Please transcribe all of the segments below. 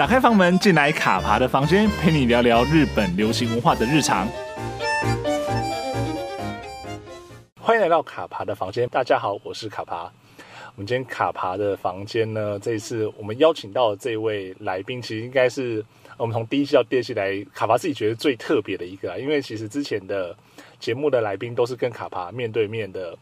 打開房門，進來卡帕的房間，陪你聊聊日本流行文化的日常。歡迎來到卡帕的房間，大家好，我是卡帕。我們今天卡帕的房間呢，這一次我們邀請到的這位來賓，其實應該是我們從第一季到第二季來卡帕自己覺得最特別的一個，因為其實之前的節目的來賓都是跟卡帕面對面的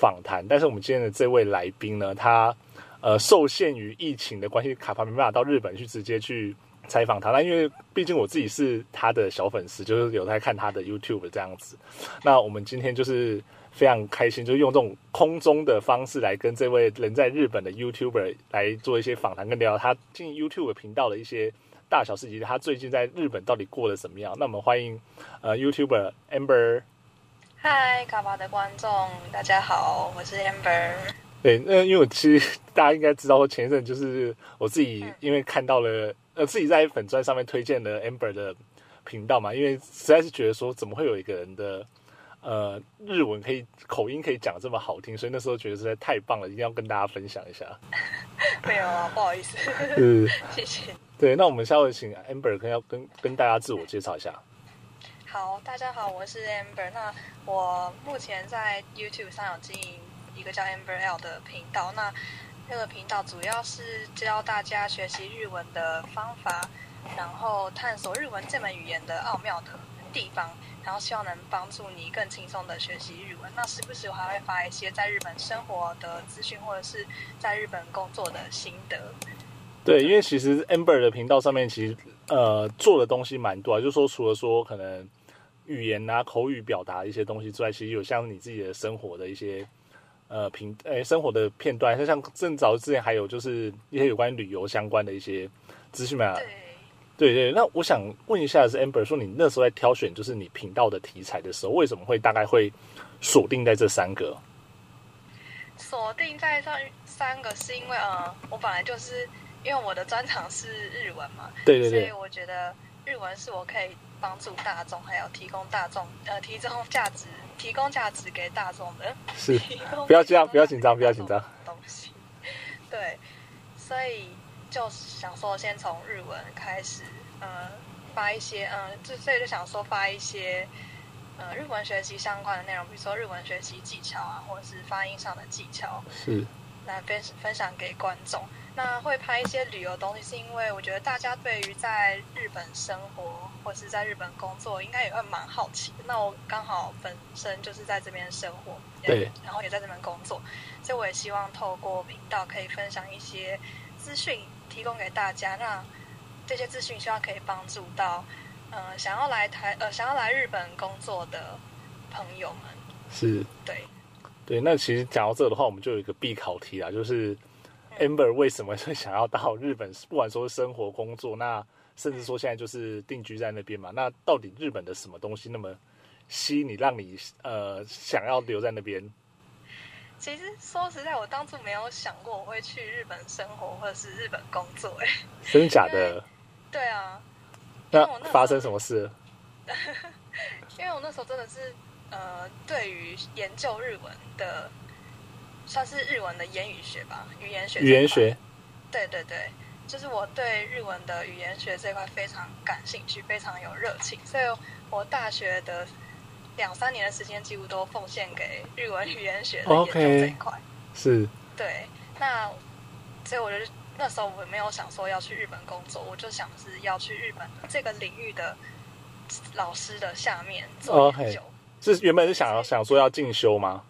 訪談，但是我們今天的這位來賓呢，他。呃，受限於疫情的關係，卡巴沒辦法到日本去直接去採訪他。那因為畢竟我自己是他的小粉絲，就是有在看他的 YouTube 這樣子。那我們今天就是非常開心，就用這種空中的方式來跟這位人在日本的 YouTuber 來做一些訪談跟聊他進 YouTube 頻道的一些大小事情，他最近在日本到底過得怎麼樣？那我們歡迎呃 YouTuber Amber。嗨，卡巴的觀眾大家好，我是 Amber。對，那因為我其實大家應該知道，我前一陣就是我自己因為看到了，嗯、呃，自己在粉專上面推薦了 Amber 的頻道嘛，因為實在是覺得說，怎麼會有一個人的，呃，日文可以口音可以講這麼好聽，所以那時候覺得實在太棒了，一定要跟大家分享一下。沒有啊，不好意思。嗯是，謝謝。對，那我們下回請 Amber 要跟跟，跟大家自我介紹一下。好，大家好，我是 Amber，那我目前在 YouTube 上有經營。一個叫 Amber L 的頻道，那那個頻道主要是教大家學習日文的方法，然後探索日文這門語言的奧妙的地方，然後希望能幫助你更輕鬆的學習日文。那時不時我還會發一些在日本生活的資訊，或者是在日本工作的心得。對，因為其實 Amber 的頻道上面其實呃做的東西蠻多啊，就說除了說可能語言啊、口語表達一些東西之外，其實有像你自己的生活的一些。呃，平，呃、哎，生活的片段，那像，像正早之前還有就是一些有關旅遊相關的一些資訊嘛。對，對對。那我想問一下的是，Amber 說你那時候在挑選就是你頻道的題材的時候，為什麼會大概會鎖定在這三個？鎖定在這三個是因為，呃我本來就是因為我的專長是日文嘛。對對對。所以我覺得日文是我可以幫助大眾，還有提供大眾呃提供價值。提供價值給大眾的是的的、嗯，不要緊張，不要緊張，不要這樣。東西，對，所以就想說，先從日文開始，嗯，發一些，嗯，就所以就想說發一些，嗯、日文學習相關的內容，比如說日文學習技巧啊，或者是發音上的技巧，是，來，分分享給觀眾。那會拍一些旅遊東西，是因為我覺得大家對於在日本生活或是在日本工作，應該也會蠻好奇。那我剛好本身就是在這邊生活，對，然後也在這邊工作，所以我也希望透過頻道可以分享一些資訊，提供給大家，讓這些資訊希望可以幫助到，呃，想要來台呃，想要來日本工作的朋友們。是，對，對。那其實講到這的話，我們就有一個必考題啊，就是。Amber 為什麼會想要到日本？不管說是生活、工作，那甚至說現在就是定居在那邊嘛？那到底日本的什麼東西那麼吸引你，讓你呃想要留在那邊？其實說實在，我當初沒有想過我會去日本生活或者是日本工作，欸，誒。真的假的？對啊，那，那，那發生什麼事？ 因為我那時候真的是呃，對於研究日文的。算是日文的言語學吧，語言學。語言學。對對對，就是我對日文的語言學這塊非常感興趣，非常有熱情，所以我大學的兩三年的時間幾乎都奉獻給日文語言學的研究這一塊。Okay. 是。對，那所以我就那時候我沒有想說要去日本工作，我就想是要去日本的這個領域的老師的下面做研究。Okay. 是原本是想想說要進修嗎？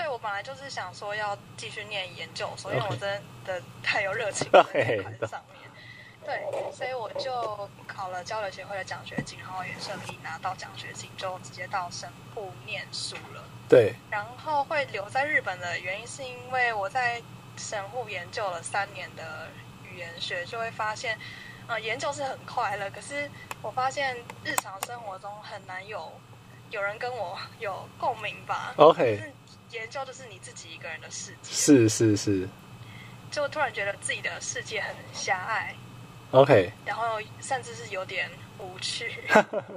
對，我本來就是想說要繼續念研究所，因為我真的太有熱情了在上面。Okay. 對，對，所以我就考了交流協會的獎學金，然後也順利拿到獎學金，就直接到神戶念書了。對，然後會留在日本的原因是因為我在神戶研究了三年的語言學，就會發現，呃，研究是很快樂，可是我發現日常生活中很難有有人跟我有共鳴吧。OK。研究的是你自己一個人的世界，是是是，是是就突然覺得自己的世界很狹隘，OK，然後甚至是有點無趣，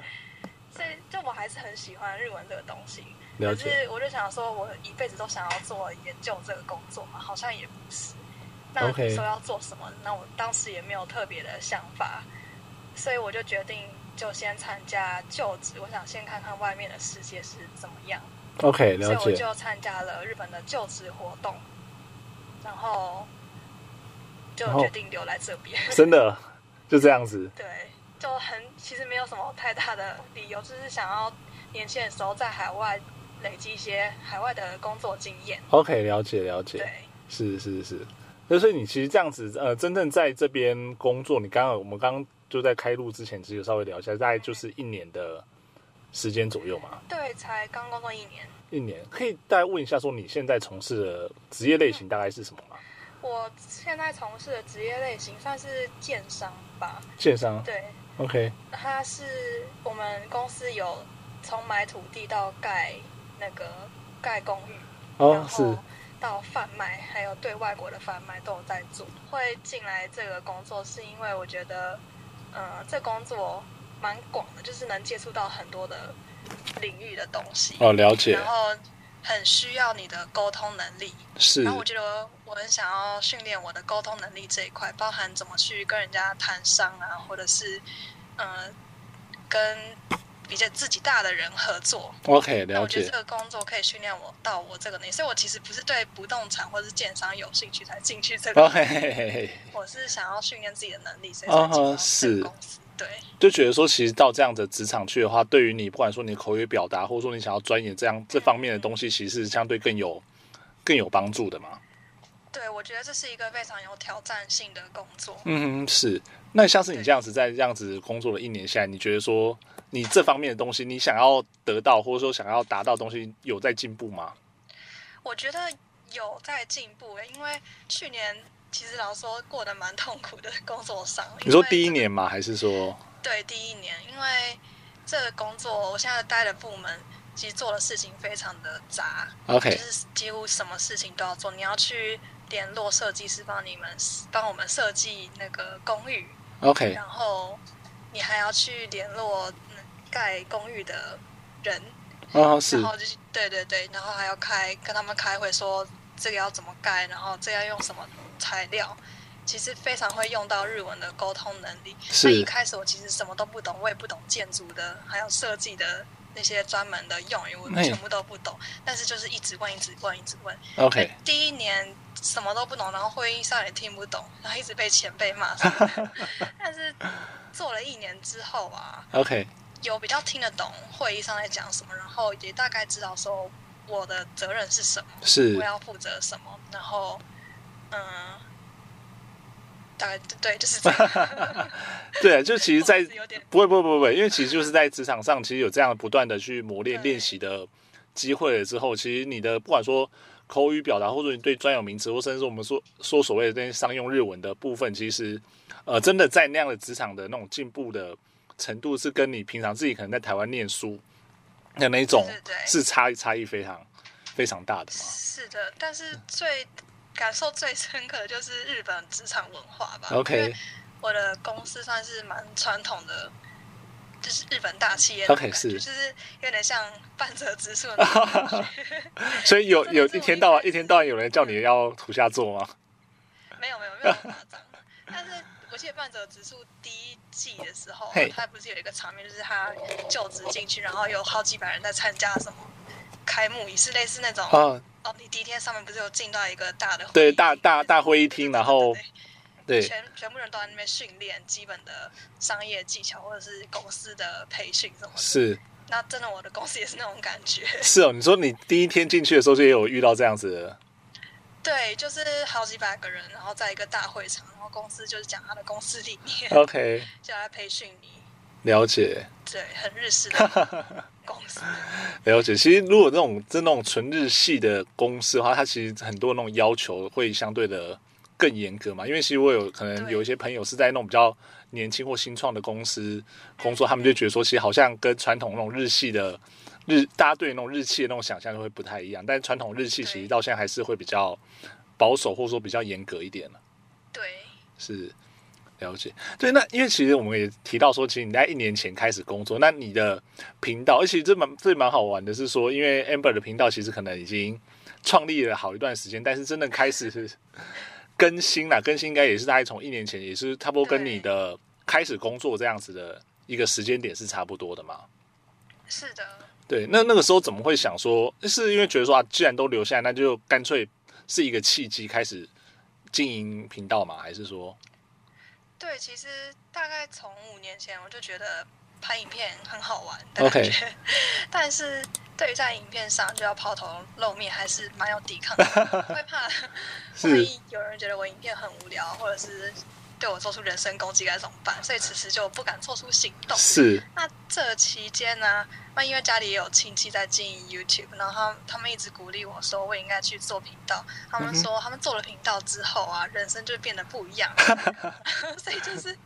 所以就我還是很喜歡日文這個東西。了解。可是我就想說，我一輩子都想要做研究這個工作嘛，好像也不是。那你說要做什麼？Okay. 那我當時也沒有特別的想法，所以我就決定就先參加就職，我想先看看外面的世界是怎麼樣。OK，了解。所以我就參加了日本的就職活動，然後就決定留在這邊。後 真的，就這樣子。對，就很其實沒有什麼太大的理由，就是想要年輕的時候在海外累積一些海外的工作經驗。OK，了解了解。對，是是是，就是你其實這樣子呃，真正在這邊工作，你剛剛我們剛就在開錄之前其實有稍微聊一下，大概就是一年的。Okay. 時間左右嗎？對，才剛工作一年。一年。可以再問一下，說你現在從事的職業類型大概是什麼嗎？嗯，我現在從事的職業類型算是建商吧。建商對，OK。他是我們公司有從買土地到蓋那個蓋公寓，oh, 然後到販賣，是還有對外國的販賣都有在做。會進來這個工作是因為我覺得，嗯，呃，這工作。蠻廣的，就是能接觸到很多的領域的東西哦，了解。然後很需要你的溝通能力，是。然後我覺得我很想要訓練我的溝通能力這一塊，包含怎麼去跟人家談商啊，或者是嗯、呃、跟比較自己大的人合作。OK，了解。我覺得這個工作可以訓練我到我這個能力，所以我其實不是對不動產或者是建商有興趣才進去這個。OK、哦。我是想要訓練自己的能力，所以進對，就覺得說，其實到這樣子職場去的話，對於你，不管說你口語表達，或者說你想要鑽研這樣、嗯、這方面的東西，其實是相對更有更有幫助的嘛。對，我覺得這是一個非常有挑戰性的工作。嗯，是。那像是你這樣子，對在這樣子工作了一年下來，你覺得說你這方面的東西，你想要得到，或者說想要達到的東西，有在進步嗎？我覺得有在進步，因為去年。其實老實說過得蠻痛苦的，工作上。這個、你說第一年嘛，還是說？對，第一年，因為這個工作，我現在待的部門其實做的事情非常的雜。OK。就是幾乎什麼事情都要做，你要去聯絡設計師幫你們幫我們設計那個公寓。OK。然後你還要去聯絡蓋公寓的人。哦，是。然後就是對對對，然後還要開跟他們開會說。這個要怎麼蓋？然後這個要用什麼材料？其實非常會用到日文的溝通能力。所是那一開始我其實什麼都不懂，我也不懂建築的，還有設計的那些專門的用語，我全部都不懂。有但是就是一直問，一直問，一直問。OK。第一年什麼都不懂，然後會議上也聽不懂，然後一直被前輩罵。 但是做了一年之後啊，OK，有比較聽得懂會議上在講什麼，然後也大概知道說。我的責任是什麼？是我要負責什麼？然後，嗯，大概、啊、對，就是這樣 對、啊，就其實在，在不會，不會，不會，不會，因為其實就是在職場上，其實有這樣不斷的去磨練、練習的機會之後，對其實你的不管說口語表達，或者你對專有名詞，或甚至說我們說說所謂的那些商用日文的部分，其實呃，真的在那樣的職場的那種進步的程度，是跟你平常自己可能在台灣念書。有那那種差是，是差異差異非常非常大的嘛？是的，但是最感受最深刻的就是日本職場文化吧。OK，我的公司算是蠻傳統的，就是日本大企業。OK，是就是有點像半澤直樹。 所以有 有、有一天到晚 一天到晚有人叫你要土下座嗎？沒有沒有沒有，沒有沒有 但是我這半澤指數低。季的時候，他不是有一個場面，就是他就職進去，然後有好幾百人在參加什麼開幕儀式，是類似那種。啊、哦。你第一天上面不是有進到一個大的？對，對大大大會議廳，對然後對，對全全部人都在那邊訓練基本的商業技巧或者是公司的培訓什麼的。是。那真的，我的公司也是那種感覺。是哦，你說你第一天進去的時候，就也有遇到這樣子。對，就是好幾百個人，然後在一個大會場，然後公司就是講他的公司理念，OK，就來培訓你。了解，對，很日式的公司。 了解，其實如果那種這那種純日系的公司的話，它其實很多那種要求會相對的更嚴格嘛，因為其實我有可能有一些朋友是在那種比較年輕或新創的公司工作，對他們就覺得說，其實好像跟傳統那種日系的。日，大家對那種日系的那種想象就會不太一樣，但是傳統日系其實到現在還是會比較保守，或者說比較嚴格一點了、啊。對，是了解。對，那因為其實我們也提到說，其實你在一年前開始工作，那你的頻道，而且這蠻這蠻好玩的是說，因為 Amber 的頻道其實可能已經創立了好一段時間，但是真的開始是更新了，更新應該也是大概從一年前，也是差不多跟你的開始工作這樣子的一個時間點是差不多的嘛？是的。對，那那個時候怎麼會想說，是因為覺得說啊，既然都留下來，那就乾脆是一個契機，開始經營頻道嘛？還是說？對，其實大概從五年前，我就覺得拍影片很好玩的感覺，Okay. 但是對於在影片上就要拋頭露面，還是蠻有抵抗的， 會怕萬一是有人覺得我影片很無聊，或者是。對我做出人身攻擊該怎麼辦？所以此時就不敢做出行動。是。那這期間呢、啊？那因為家裡也有親戚在經營 YouTube，然後他們他們一直鼓勵我說，我應該去做頻道。他們說他們做了頻道之後啊，嗯、哼人生就變得不一樣、那個。 所以就是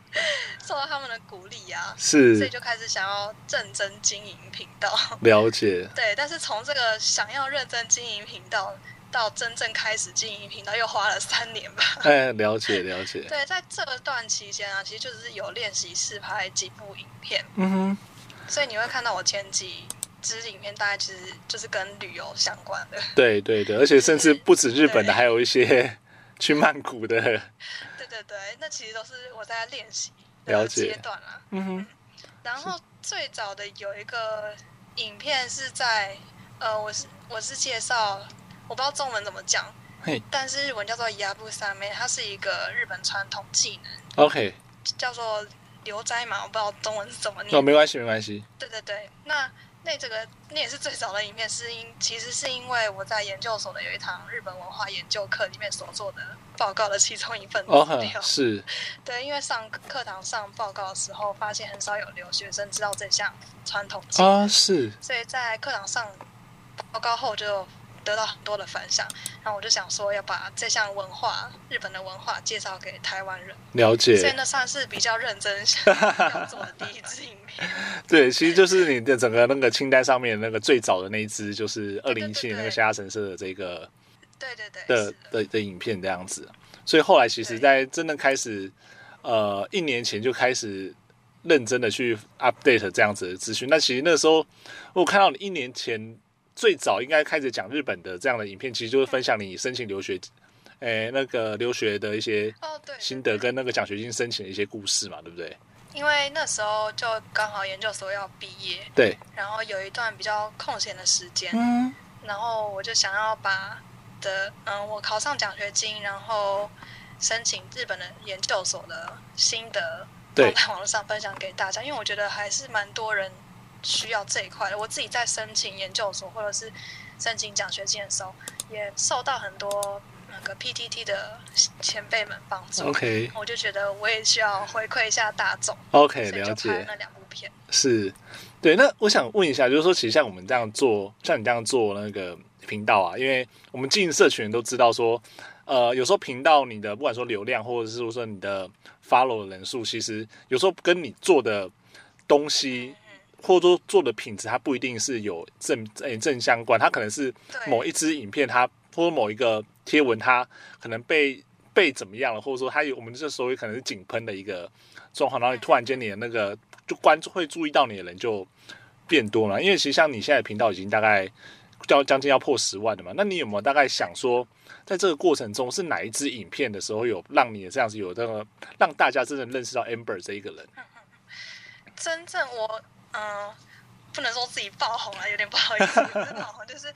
受到他們的鼓勵啊，是。所以就開始想要認真經營頻道。了解。對，但是從這個想要認真經營頻道。到真正開始經營頻道又花了三年吧。哎，了解了解。對，在這段期間啊，其實就是有練習試拍幾部影片。嗯哼。所以你會看到我前幾支影片，大概其實就是跟旅遊相關的。對對對，而且甚至不止日本的，對還有一些去曼谷的。對對對，那其實都是我在練習了解階段啦、啊。嗯哼。然後最早的有一個影片是在呃，我是我是介紹。我不知道中文怎麼講，Hey. 但是日文叫做“ヤブサメ”，它是一個日本傳統技能。OK，叫做“留齋”嘛，我不知道中文是怎麼念。那、oh, 沒關係，沒關係。對對對，那那這個那也是最早的影片，是因其實是因為我在研究所的有一堂日本文化研究課裡面所做的報告的其中一份哦，資料、oh,，是， 對，因為上課堂上報告的時候，發現很少有留學生知道這項傳統技能。啊，oh, 是，所以在課堂上報告後就，得到很多的反響，然後我就想說要把這項文化，日本的文化介紹給台灣人了解，真的算是比較認真 做的第一支影片。 對，其實就是你的整個那個清單上面的那個最早的那一支，就是二零一七年那個蝦神社的這個，對對對，對的的的，的，的影片這樣子。所以後來其實，在真的開始，對呃，一年前就開始認真的去 update 這樣子的資訊。那其實那時候我看到你一年前。最早應該開始講日本的這樣的影片，其實就是分享你申請留學，嗯、誒，那個留學的一些心得跟那個獎學金申請的一些故事嘛，哦、對，對，對不對？因為那時候就剛好研究所要畢業，對，然後有一段比較空閒的時間，嗯，然後我就想要把的，嗯，我考上獎學金，然後申請日本的研究所的心得，放在網絡上分享給大家，因為我覺得還是蠻多人，需要這一塊的，我自己在申請研究所或者是申請獎學金的時候，也受到很多那個 P T T 的前輩們幫助。OK，我就覺得我也需要回饋一下大眾。OK，了解。就拍了那兩部片。是，對。那我想問一下，就是說，其實像我們這樣做，像你這樣做那個頻道啊，因為我們經營社群人都知道說，呃，有時候頻道你的不管說流量，或者是說你的 follow 的人數，其實有時候跟你做的東西。Okay. 或者說做的品質，它不一定是有正誒正相關，它可能是某一支影片它，它對或者某一個貼文，它可能被被怎麼樣了，或者說它有我們這時候可能是井噴的一個狀況，然後你突然間你的那個、嗯、就關注會注意到你的人就變多嘛？因為其實像你現在的頻道已經大概要將近要破十萬的嘛，那你有沒有大概想說，在這個過程中是哪一支影片的時候有讓你這樣子有這、那個讓大家真正認識到 Amber 這一個人？真正我。嗯、呃，不能說自己爆紅啊，有點不好意思。真的， 就是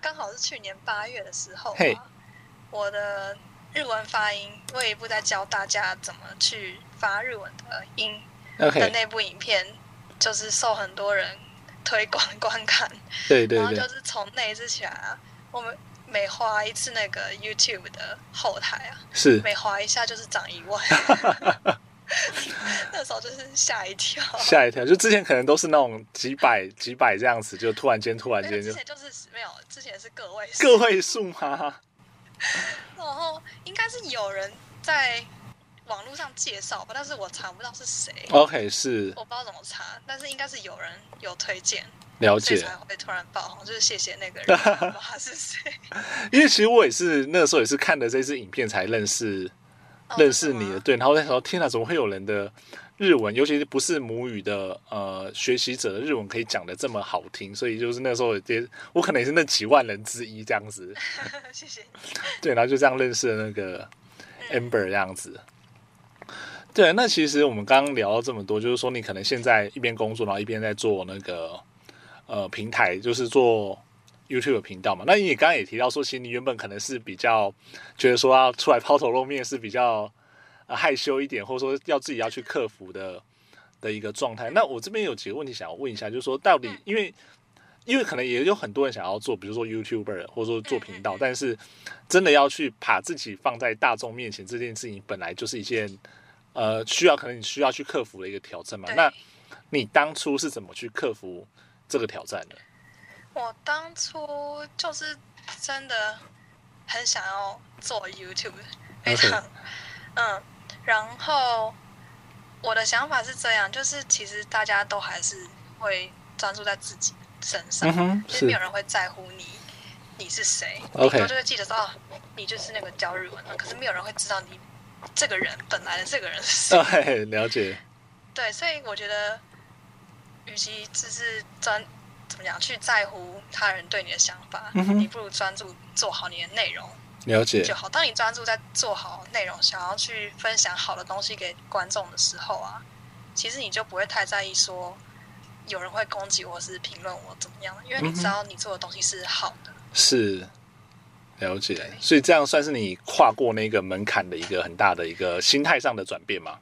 剛好是去年八月的時候、啊，Hey. 我的日文發音，我有一部在教大家怎麼去發日文的音 Okay. 的那部影片就是受很多人推廣觀，觀看，對，對對，然後就是從那一次起來啊，我們每滑一次那個 YouTube 的後台啊，是每滑一下就是漲一萬。 那時候就是嚇一跳，嚇一跳。就之前可能都是那種幾百 幾百這樣子，就突然間突然間就。之前就是沒有，之前是個位數。個位數嗎？ 然後應該是有人在網絡上介紹吧，但是我查不到是誰。OK，是。我不知道怎麼查，但是應該是有人有推薦，了解，才會突然爆紅，就是謝謝那個人， 是誰誰。 因為其實我也是那時候也是看了這支影片才認識。認識你的對，然後那時候天哪，怎麼會有人的日文，尤其是不是母語的呃學習者的日文可以講得這麼好聽？所以就是那時候也，我可能也是那幾萬人之一這樣子。 謝謝你。對，然後就這樣認識了那個 Amber 這樣子。對，那其實我們剛剛聊了這麼多，就是說你可能現在一邊工作，然後一邊在做那個呃平台，就是做。YouTube 頻道嘛，那你也剛剛也提到說，其實你原本可能是比較覺得說，要出來拋頭露面是比較呃害羞一點，或者說要自己要去克服的的一個狀態。那我這邊有幾個問題想要問一下，就是說到底，因為因為可能也有很多人想要做，比如說 YouTuber 或者說做頻道，但是真的要去把自己放在大眾面前這件事情，本來就是一件呃需要可能你需要去克服的一個挑戰嘛。對那你當初是怎麼去克服這個挑戰的？我當初就是真的很想要做 YouTube，非常 Okay. 嗯。然後我的想法是這樣，就是其實大家都還是會專注在自己身上，嗯、是其實沒有人會在乎你，你是誰。我 Okay. 就會記得說，你就是那個教日文的，可是沒有人會知道你這個人本來的這個人是誰。Okay, 了解。對，所以我覺得，與其只是專。怎麼樣去在乎他人對你的想法？嗯、哼你不如專注做好你的內容，了解就好。解當你專注在做好內容，想要去分享好的東西給觀眾的時候啊，其實你就不會太在意說有人會攻擊我，是評論我怎麼樣？因為你知道你做的東西是好的，嗯、是了解。對所以這樣算是你跨過那個門檻的一個很大的一個心態上的轉變嗎？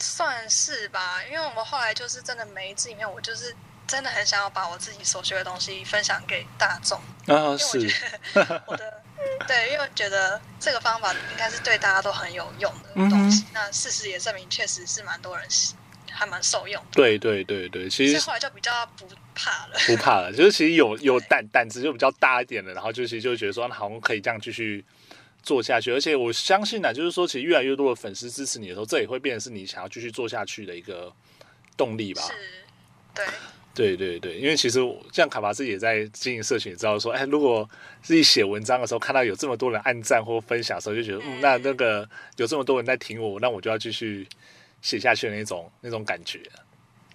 算是吧，因為我們後來就是真的每一次裡面，我就是。真的很想要把我自己所學的東西分享給大眾啊！是，因為我覺得我 的對，因為我覺得這個方法應該是對大家都很有用的東西。嗯、哼那事實也證明確實是蠻多人還蠻受用。對對對對，其實後來就比較不怕了，不怕了，就是其實有有膽對膽子就比較大一點了。然後就其實就覺得說，那好像可以這樣繼續做下去。而且我相信呢、啊，就是說，其實越來越多的粉絲支持你的時候，這也會變成是你想要繼續做下去的一個動力吧。是，對。對對對，因為其實像卡巴自己也在經營社群，也知道說，哎，如果自己寫文章的時候看到有這麼多人按讚或分享的時候，就覺得，嗯，那那個有這麼多人在聽我，那我就要繼續寫下去的那種那種感覺。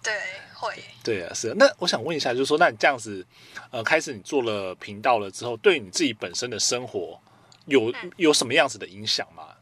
對，會。對啊，是啊。那我想問一下，就是說，那你這樣子，呃，開始你做了頻道了之後，對你自己本身的生活有、嗯、有什麼樣子的影響嗎？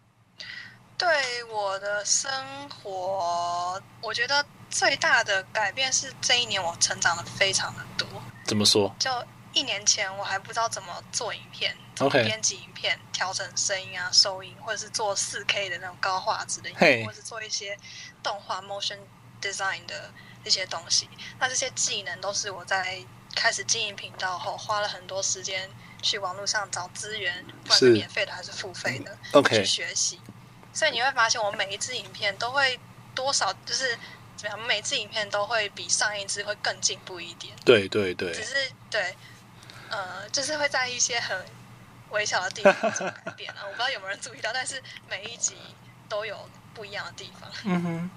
對我的生活，我覺得最大的改變是這一年我成長了非常的多。怎麼說？就一年前我還不知道怎麼做影片，怎麼編輯影片，調整聲音啊、收音，或者是做 4K 的那種高畫質的影片，或者是做一些動畫 motion design 的一些東西。那這些技能都是我在開始經營頻道後，花了很多時間去網絡上找資源，不管是免費的還是付費的，去學習。所以你會發現，我每一支影片都會多少就是怎麼樣？每一支影片都會比上一支會更進步一點。對對對，只是對，呃，就是會在一些很微小的地方做改變，我不知道有沒有人注意到，但是每一集都有不一樣的地方。嗯哼。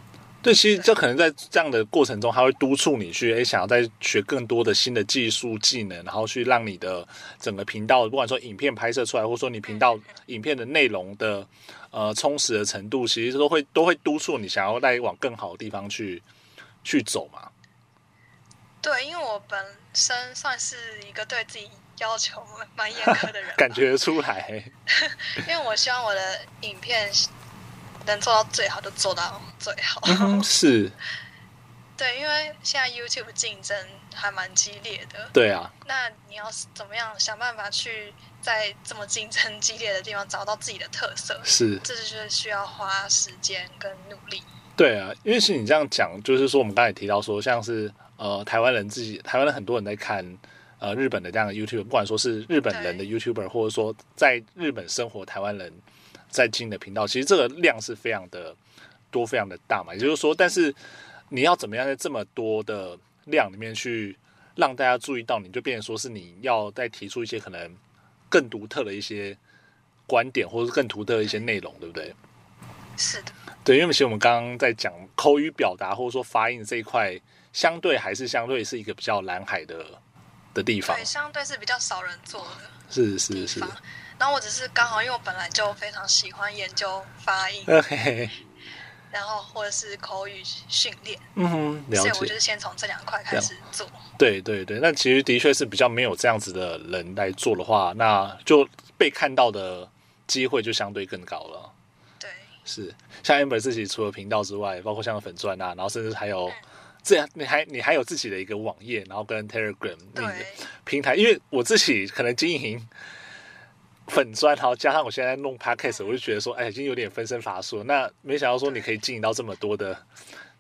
對，其實這可能在這樣的過程中，他會督促你去誒，想要再學更多的新的技術技能，然後去讓你的整個頻道，不管說影片拍攝出來，或者說你頻道影片的內容的呃充實的程度，其實都會都會督促你想要再往更好的地方去去走嘛。對，因為我本身算是一個對自己要求蠻嚴苛的人， 感覺得出來。 因為我希望我的影片。能做到最好就做到最好，嗯、是。對，因為現在 YouTube 競爭還蠻激烈的。對啊。那你要怎麼樣想辦法去在這麼競爭激烈的地方找到自己的特色？是。這就是需要花時間跟努力。對啊，因為是你這樣講，嗯、就是說我們剛才提到說，像是呃台灣人自己，台灣人很多人在看呃日本的這樣的 YouTube，不管說是日本人的 YouTuber，對或者說在日本生活台灣人。在進的頻道，其實這個量是非常的多，非常的大嘛。也就是說，但是你要怎麼樣在這麼多的量裡面去讓大家注意到你，就變成說是你要再提出一些可能更獨特的一些觀點，或者是更獨特的一些內容，嗯、對不對？是的，對，因為其實我們剛剛在講口語表達或者說發音這一塊，相對還是相對是一個比較藍海的的地方，對，相對是比較少人做的，是，是是是。然後我只是剛好，因為我本來就非常喜歡研究發音，Okay. 然後或者是口語訓練。嗯，哼，了解。所以我就是先從這兩塊開始做。對對對，那其實的確是比較沒有這樣子的人來做的話，那就被看到的機會就相對更高了。對，是像 Amber 自己除了頻道之外，包括像粉專啊、，然後甚至還有、嗯、這樣你還你還有自己的一個網頁，然後跟 Telegram 那個平台，對因為我自己可能經營。粉專，然後加上我現在在弄 podcast，我就覺得說，哎，已經有點分身乏術了。那沒想到說，你可以經營到這麼多的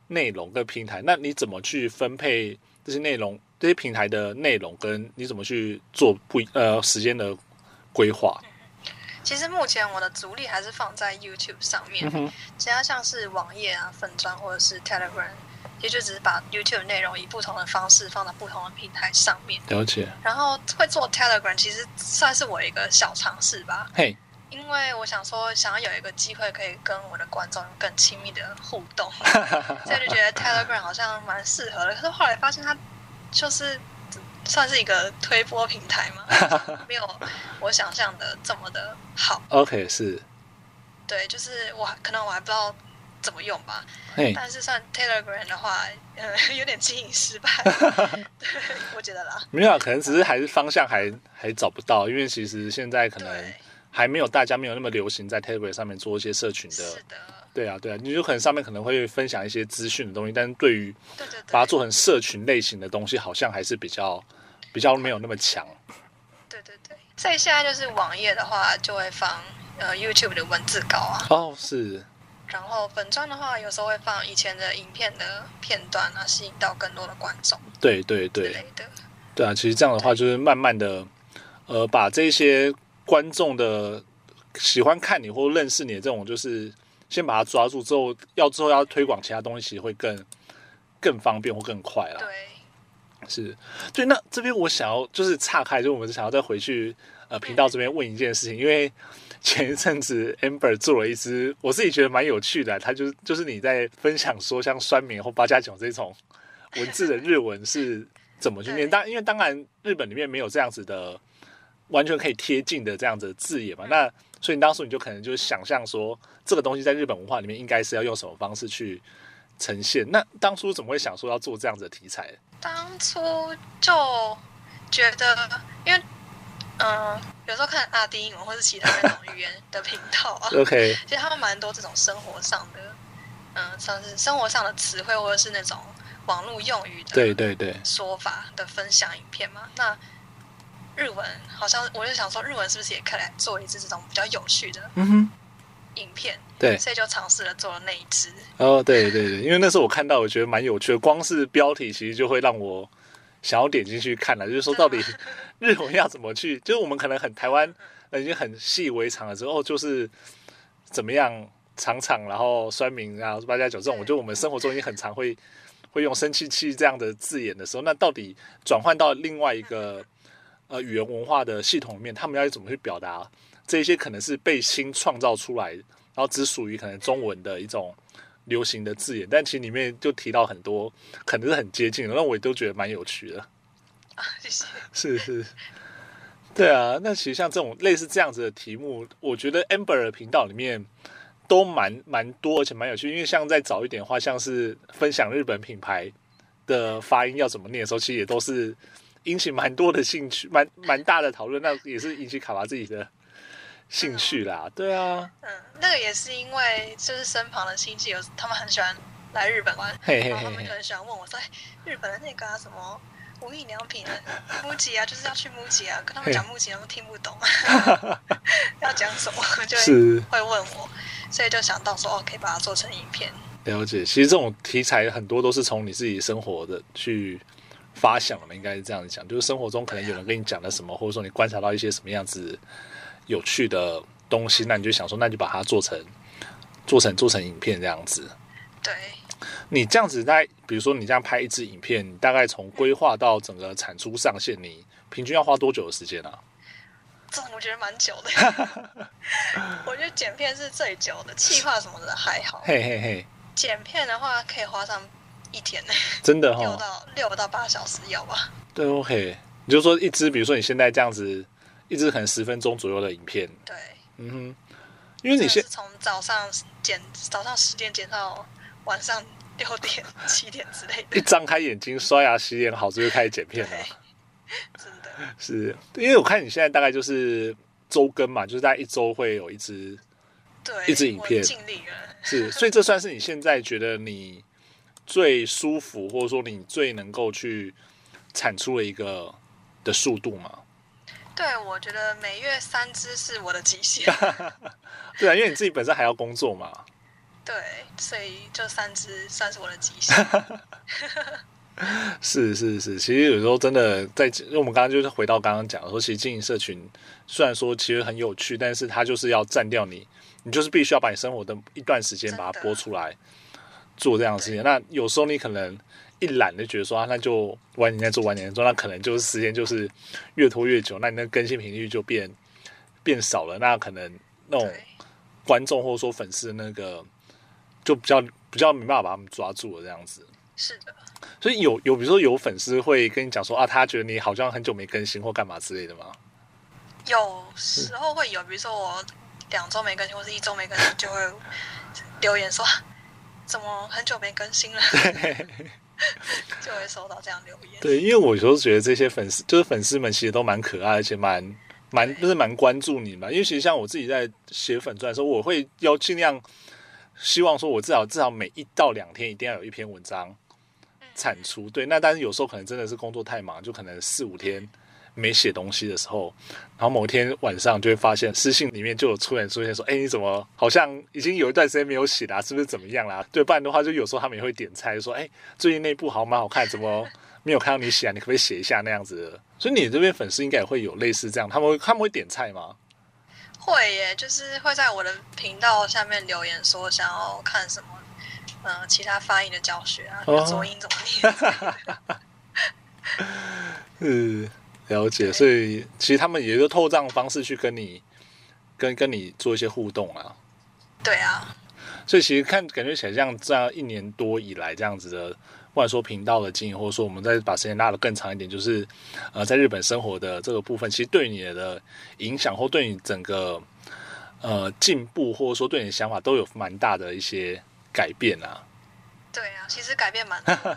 內容跟平台。對那你怎麼去分配這些內容？這些平台的內容跟你怎麼去做不、呃、時間的規劃？其實目前我的主力還是放在 YouTube 上面，其他、嗯、哼像是網頁啊、粉專或者是 Telegram。也就只是把 YouTube 內容以不同的方式放到不同的平台上面。了解。然後會做 Telegram，其實算是我一個小嘗試吧。嘿。因為我想說，想要有一個機會可以跟我的觀眾更親密的互動， 所以就覺得 Telegram 好像蠻適合的。可是後來發現它就是算是一個推播平台嗎？ 沒有我想象的這麼的好。OK，是。對，就是我可能我還不知道。怎麼用吧？嘿但是算 Telegram 的話，呃，有點經營失敗， 對，我覺得啦。沒有，可能只是還是方向還還找不到。因為其實現在可能還沒有大家沒有那麼流行在 Telegram 上面做一些社群的。是的。對啊，對啊，你就可能上面可能會分享一些資訊的東西，但是對於把它做成社群類型的東西，好像還是比較比較沒有那麼強。對對對。所以現在就是網頁的話，就會放呃 YouTube 的文字稿啊。哦，是。然後粉專的話，有時候會放以前的影片的片段啊，吸引到更多的觀眾。對對對，之類的。對啊，其實這樣的話，就是慢慢的，對呃，把這些觀眾的喜歡看你或認識你的這種，就是先把它抓住之後，要之後要推廣其他東西，會更更方便或更快了、啊對。對，是對。那這邊我想要就是岔開，就我們想要再回去呃頻道這邊問一件事情，對因為。前一陣子，Amber 做了一支，我自己覺得蠻有趣的、啊。他就是就是你在分享說，像酸民或八加九這種文字的日文是怎麼去念？當對因為當然日本裡面沒有這樣子的完全可以貼近的這樣子的字眼嘛，嗯、那所以當初你就可能就想象說，這個東西在日本文化裡面應該是要用什麼方式去呈現？那當初怎麼會想說要做這樣子的題材？當初就覺得因為。嗯，有時候看拉丁文或是其他那種語言的頻道啊 ，OK，其實他們蠻多這種生活上的，嗯，像是生活上的詞彙或者是那種網絡用語的，對對對，說法的分享影片嘛。對對對，那日文好像我就想說，日文是不是也可以來做一支這種比較有趣的，嗯哼，影片對，所以就嘗試了做了那一只。哦，oh, 對對對，因為那時候我看到我覺得蠻有趣的，光是標題其實就會讓我。想要點進去看了，就是說到底日文要怎麼去？就是我們可能很台灣已經很習以為常了之後，就是怎麼樣常常，然後酸民，然後八加九這種，我覺得我們生活中已經很常會會用生氣氣這樣的字眼的時候，那到底轉換到另外一個呃語言文化的系統裡面，他們要怎麼去表達這些？可能是被新創造出來，然後只屬於可能中文的一種。流行的字眼，但其實裡面就提到很多，可能是很接近的，那我也都覺得蠻有趣的。啊，謝謝。是是，對啊。那其實像這種類似這樣子的題目，我覺得 Amber 的頻道裡面都蠻蠻多，而且蠻有趣。因為像再早一點的話，像是分享日本品牌的發音要怎麼念的時候，其實也都是引起蠻多的興趣，蠻蠻大的討論。那也是引起卡娃自己的。興趣啦，對啊，嗯，那個也是因為就是身旁的親戚有他們很喜歡來日本玩，嘿嘿嘿，然後他們就很喜歡問我說：“日本的那個、啊、什麼無印良品的 MUJI 啊，就是要去 MUJI 啊。”跟他們講 MUJI 他們聽不懂，啊、 要講什麼就會是會問我，所以就想到說：“哦，可以把它做成影片。”了解，其實這種題材很多都是從你自己生活的去發想的，應該是這樣子講，就是生活中可能有人跟你講了什麼，啊、或者說你觀察到一些什麼樣子。有趣的東西，那你就想說，那就把它做成，做成，做成影片這樣子。對。你這樣子在，比如說你這樣拍一支影片，你大概從規劃到整個產出上線，你平均要花多久的時間呢？啊？這我覺得蠻久的。 我覺得剪片是最久的，企劃什麼的還好。嘿嘿嘿。剪片的話可以花上一天呢。真的哈、哦。六到六到八小時有吧？對，OK。你就說一支，比如說你現在這樣子。一支可能十分鐘左右的影片，對，嗯哼，因為你是從早上剪，早上十點剪到晚上六點、七點之類的。一張開眼睛，刷牙、洗臉好之後，開始剪片了。真的是，因為我看你現在大概就是周更嘛，就是在一周會有一支，對，一支影片，盡力了。是，所以這算是你現在覺得你最舒服，或者說你最能夠去產出的一個的速度嘛？對，我覺得每月三支是我的極限。 對啊，因為你自己本身還要工作嘛。對，所以就三支算是我的極限。 是是是，其實有時候真的在，我們剛剛就是回到剛剛講說，其實經營社群雖然說其實很有趣，但是它就是要占掉你，你就是必須要把你生活的一段時間把它撥出來的做這樣的事情。對那有時候你可能。一懶就覺得說啊，那就晚點再做，晚點再做，那可能就是時間就是越拖越久，那你那更新頻率就變變少了，那可能那種觀眾或者說粉絲那個就比較比較沒辦法把他們抓住了這樣子。是的。所以有有比如說有粉絲會跟你講說啊，他覺得你好像很久沒更新或幹嘛之類的嗎？有時候會有，比如說我兩周沒更新或是一周沒更新就會留言說怎麼很久沒更新了。 就會收到這樣留言。對，因為我有時候覺得這些粉絲，就是粉絲們其實都蠻可愛，而且蠻蠻就對是蠻關注你嘛。因為其實像我自己在寫粉專的時候，我會要盡量希望說，我至少至少每一到兩天一定要有一篇文章產出。嗯、對，那但是有時候可能真的是工作太忙，就可能四五天。沒寫東西的時候，然後某一天晚上就會發現私信裡面就有突然出現說：“誒，你怎麼好像已經有一段時間沒有寫啦？是不是怎麼樣啦？”對，不然的話就有時候他們也會點菜說：“誒，最近那部好蠻好看，怎麼沒有看到你寫啊？你可不可以寫一下那樣子？”所以你這邊粉絲應該也會有類似這樣，他們會他們會點菜嗎？會耶，就是會在我的頻道下面留言說想要看什麼，嗯、呃，其他發音的教學啊，濁音怎麼念？嗯。 了解，對所以其實他們也就透過的方式去跟你，跟跟你做一些互動啊。對啊，所以其實看感覺起來像這樣一年多以來這樣子的不管說頻道的經營，或者說我們再把時間拉得更長一點，就是呃在日本生活的這個部分，其實對你的影響或對你整個呃進步，或者說對你的想法都有蠻大的一些改變啊。對啊，其實改變蠻多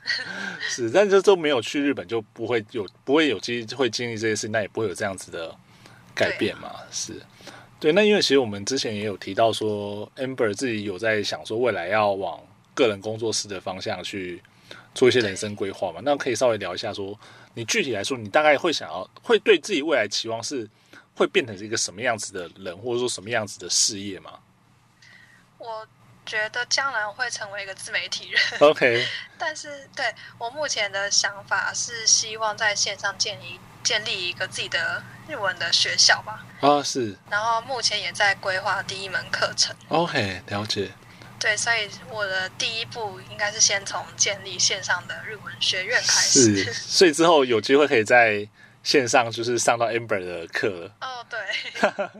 是，但是都沒有去日本，就不會有不會有機會經歷這些事情，那也不會有這樣子的改變嘛。對啊、是對，那因為其實我們之前也有提到說，Amber 自己有在想說未來要往個人工作室的方向去做一些人生規劃嘛。對那可以稍微聊一下說，你具體來說，你大概會想要會對自己未來期望是會變成一個什麼樣子的人，或者說什麼樣子的事業嗎？我。覺得將來我會成為一個自媒體人，OK。但是對我目前的想法是，希望在線上建立建立一個自己的日文的學校吧。啊、哦，是。然後目前也在規劃第一門課程。OK，了解。對，所以我的第一步應該是先從建立線上的日文學院開始。是，所以之後有機會可以在線上就是上到 Amber 的課了。哦，對。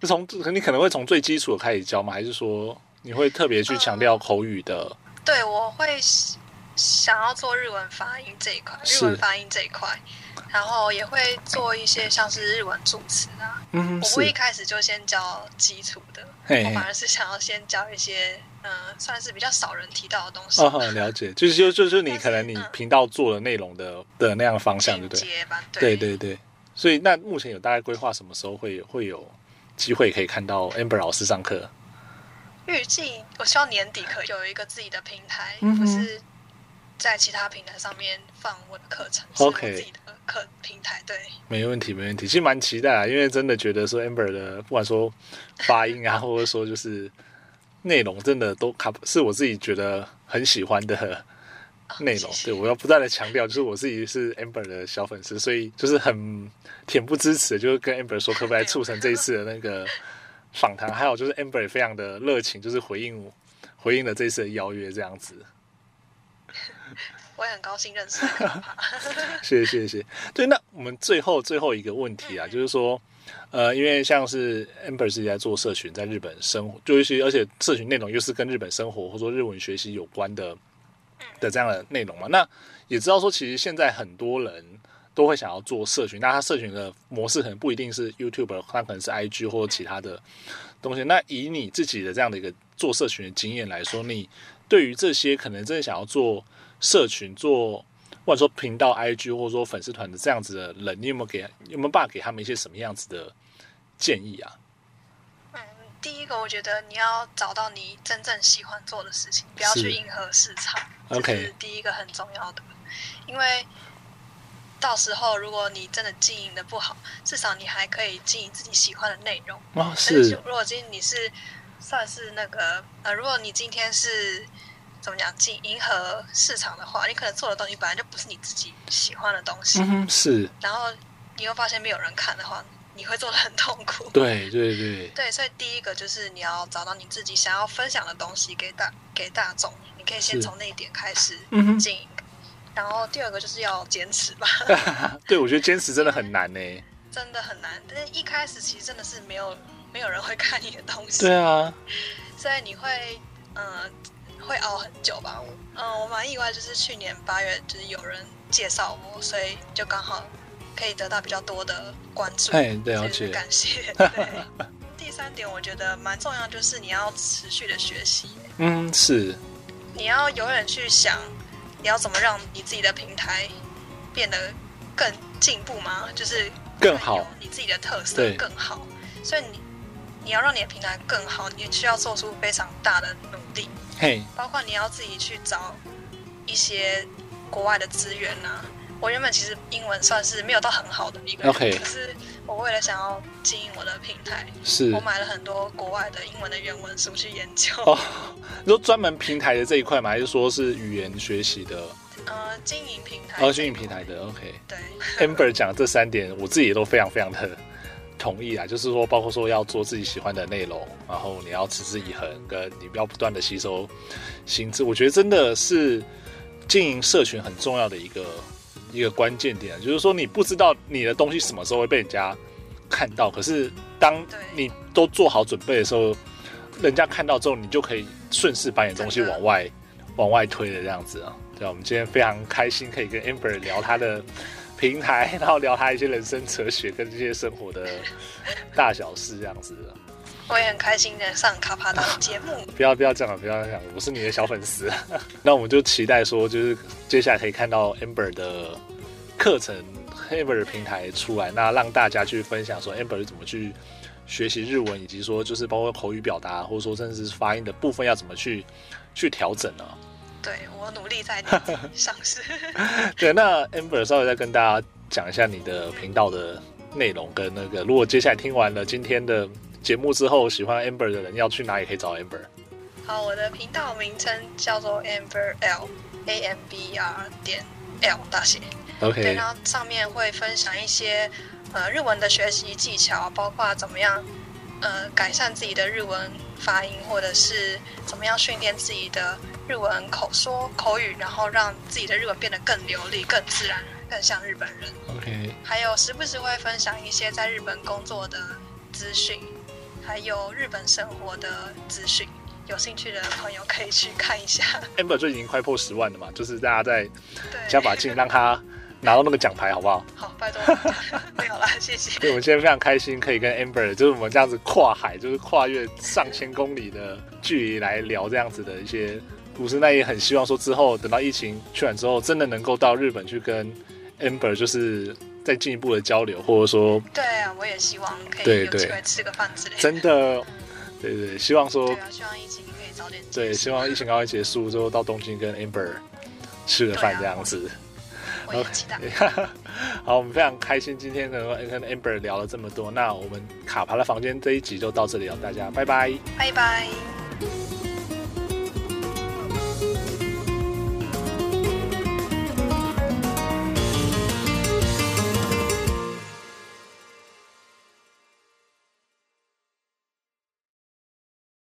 就 從你可能會從最基礎的開始教嗎？還是說？你會特別去強調口語的、嗯？對，我會想要做日文發音這一塊，是日文發音這一塊，然後也會做一些像是日文助詞啊。嗯，是。我不會一開始就先教基礎的，嘿嘿我反而是想要先教一些嗯，算是比較少人提到的東西。哦、嗯，了解，就，就，就，就是就就是你可能你頻道做的內容的的那樣方向對，對不對？對對對。所以，那目前有大概規劃什麼時候會會有機會可以看到 Amber 老師上課？預計我希望年底可以有一個自己的平台，嗯、哼不是在其他平台上面放我的課程，Okay. 是自己的課平台。對，沒問題，沒問題，其實蠻期待啊，因為真的覺得說 Amber 的不管說發音啊， 或者說就是內容，真的都卡是我自己覺得很喜歡的內容。哦、謝謝。對，我要不斷的強調，就是我自己是 Amber 的小粉絲，所以就是很恬不知恥，就是跟 Amber 說，可不可以促成這一次的那個。 訪談還有就是 Amber、e、非常的熱情，就是回應回應了這次的邀約這樣子。我也很高興認識。 謝謝謝謝，對，那我們最後最後一個問題啊，嗯、就是說，呃，因為像是 Amber、e、自己在做社群，在日本生活，就是而且社群內容又是跟日本生活或者說日文學習有關的的這樣的內容嘛，那也知道說其實現在很多人。都會想要做社群，那他社群的模式可能不一定是 YouTube，他可能是 IG 或者其他的東西。那以你自己的這樣的一個做社群的經驗來說，你對於這些可能真的想要做社群、做或者說頻道、IG 或者說粉絲團的這樣子的人，你有沒有給有沒有辦法給他們一些什麼樣子的建議啊？嗯，第一個我覺得你要找到你真正喜歡做的事情，不要去迎合市場。OK，是第一個很重要的，因為。到時候，如果你真的經營的不好，至少你還可以經營自己喜歡的內容。啊、哦，是。如果今天你是算是那個呃，如果你今天是怎麼講進迎合市場的話，你可能做的東西本來就不是你自己喜歡的東西。嗯，是。然後你又發現沒有人看的話，你會做得很痛苦。對對對。對，對，對，所以第一個就是你要找到你自己想要分享的東西，給大給大眾。你可以先從那一點開始是、嗯、哼經營。然後第二個就是要堅持吧。 對，我覺得堅持真的很難呢，真的很難。但是一開始其實真的是沒有沒有人會看你的東西，對啊，所以你會嗯、呃、會熬很久吧。嗯、呃，我蠻意外的，就是去年八月就是有人介紹我，所以就剛好可以得到比較多的關注。哎，對，謝謝感謝。 對，第三點我覺得蠻重要，就是你要持續的學習。嗯，是。你要永遠去想。你要怎麼讓你自己的平台變得更進步嗎？就是更好，你自己的特色更好。更好。所以你你要讓你的平台更好，你需要做出非常大的努力。嘿，包括你要自己去找一些國外的資源啊。我原本其實英文算是沒有到很好的一個，Okay 可是。我為了想要經營我的平台，是我買了很多國外的英文的原文書去研究。哦，你說專門平台的這一塊嗎？還、就是說是語言學習的？呃，經營平台。哦，經營平台的對，OK。對，Amber 講這三點，我自己也都非常非常的同意啊。就是說，包括說要做自己喜歡的內容，然後你要持之以恆，跟你要不斷的吸收新知，我覺得真的是經營社群很重要的一個。一個關鍵點就是說，你不知道你的東西什麼時候會被人家看到，可是當你都做好準備的時候，人家看到之後，你就可以順勢把你的東西往外的往外推的這樣子啊。對，我們今天非常開心，可以跟 Amber 聊他的平台，然後聊他一些人生哲學跟這些生活的大小事，這樣子。我也很開心的上卡帕的節目、啊。不要不要這樣了，不要這樣，我是你的小粉絲。 那我們就期待說，就是接下來可以看到 Amber 的課程，Amber 的平台出來，那讓大家去分享說 Amber 怎麼去學習日文，以及說就是包括口語表達，或者說甚至發音的部分要怎麼去去調整呢、啊？對，我努力在嘗試。 對，那 Amber 稍微再跟大家講一下你的頻道的內容，跟那個如果接下來聽完了今天的。節目之後，喜歡 Amber 的人要去哪裡可以找 Amber？好，我的頻道名稱叫做 Amber L A M B R 點 L 大寫。OK。然後上面會分享一些呃日文的學習技巧，包括怎麼樣呃改善自己的日文發音，或者是怎麼樣訓練自己的日文口說口語，然後讓自己的日文變得更流利、更自然、更像日本人。OK。還有時不時會分享一些在日本工作的資訊。還有日本生活的資訊，有興趣的朋友可以去看一下。Amber 最近已經快破十萬了嘛，就是大家再加把勁，讓他拿到那個獎牌，好不好？好，拜托，沒有了， 謝謝。所以我們今天非常開心，可以跟 Amber，就是我們這樣子跨海，就是跨越上千公里的距離來聊這樣子的一些故事。不是，那也很希望說，之後等到疫情去完之後，真的能夠到日本去跟 Amber，就是。再進一步的交流，或者說，對、啊，我也希望可以有機會吃個飯之類的。真的，對，對對，希望說，對啊，希望疫情可以早點結束，對，希望疫情剛剛結束之後，到東京跟 Amber 吃個飯這樣子，啊。我也期待。Okay. 好，我們非常開心今天能夠跟 Amber 聊了這麼多。那我們卡爬的房間這一集就到這裡了，大家拜拜，拜拜。Bye bye